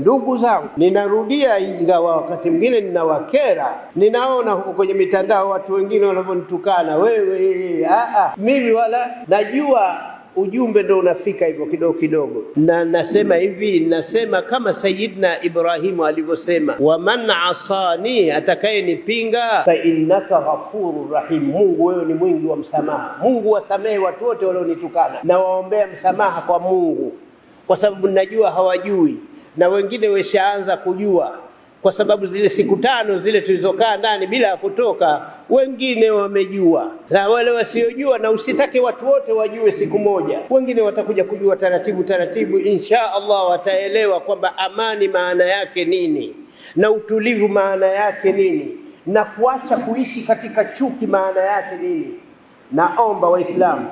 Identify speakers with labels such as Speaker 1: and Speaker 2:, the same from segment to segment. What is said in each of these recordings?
Speaker 1: Ndugu zangu, ninarudia, ingawa wakati mwingine ninawakera, ninaona huko kwenye mitandao watu wengine wanavyonitukana wewe, aa, mimi wala najua ujumbe ndo unafika hivyo kidogo kidogo, na nasema hivi, nasema kama Sayyidina Ibrahimu alivyosema, waman asani, atakayenipinga, fa innaka ghafurur rahim, Mungu wewe ni mwingi wa msamaha. Mungu wasamehe watu wote walionitukana, na waombea msamaha kwa Mungu, kwa sababu ninajua hawajui na wengine weshaanza kujua, kwa sababu zile siku tano zile tulizokaa ndani bila ya kutoka, wengine wamejua, na wale wasiojua, na usitake watu wote wajue siku moja. Wengine watakuja kujua taratibu taratibu, insha Allah wataelewa kwamba amani maana yake nini na utulivu maana yake nini na kuacha kuishi katika chuki maana yake nini. Naomba Waislamu,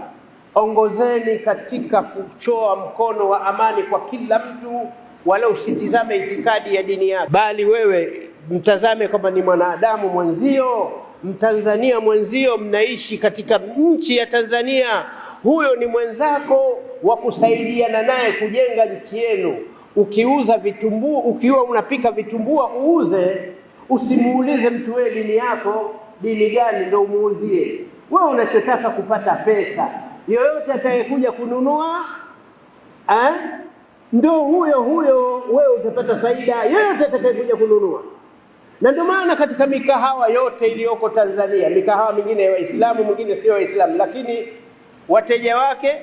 Speaker 1: ongozeni katika kuchoa mkono wa amani kwa kila mtu wala usitizame itikadi ya dini yako, bali wewe mtazame kwamba ni mwanadamu mwenzio, mtanzania mwenzio, mnaishi katika nchi ya Tanzania. Huyo ni mwenzako wa kusaidiana naye kujenga nchi yenu. Ukiuza vitumbua, ukiwa unapika vitumbua uuze, usimuulize mtu wewe dini yako dini gani ndio umuuzie wewe. Unachotaka kupata pesa, yoyote atakayekuja kununua eh? ndo huyo huyo wewe utapata faida yeyote atakayekuja kununua. Na ndio maana katika mikahawa yote iliyoko Tanzania, mikahawa mingine ya Waislamu, mwingine sio Waislamu, lakini wateja wake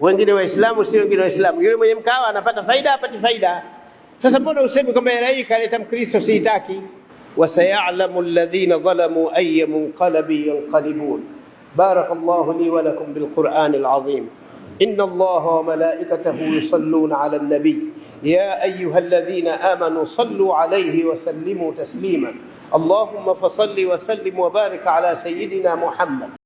Speaker 1: wengine Waislamu, sio wengine Waislamu, yule mwenye mkahawa anapata faida, apati faida. Sasa mbona usemi kwamba hela hii kaleta Mkristo? Siitaki. wasayalamu alladhina dhalamu ayya munqalabi yanqalibun. Barakallahu li wa lakum bilqur'anil azim. إن الله وملائكته يصلون على النبي يا أيها الذين آمنوا صلوا عليه وسلموا تسليما اللهم فصل وسلم وبارك على سيدنا محمد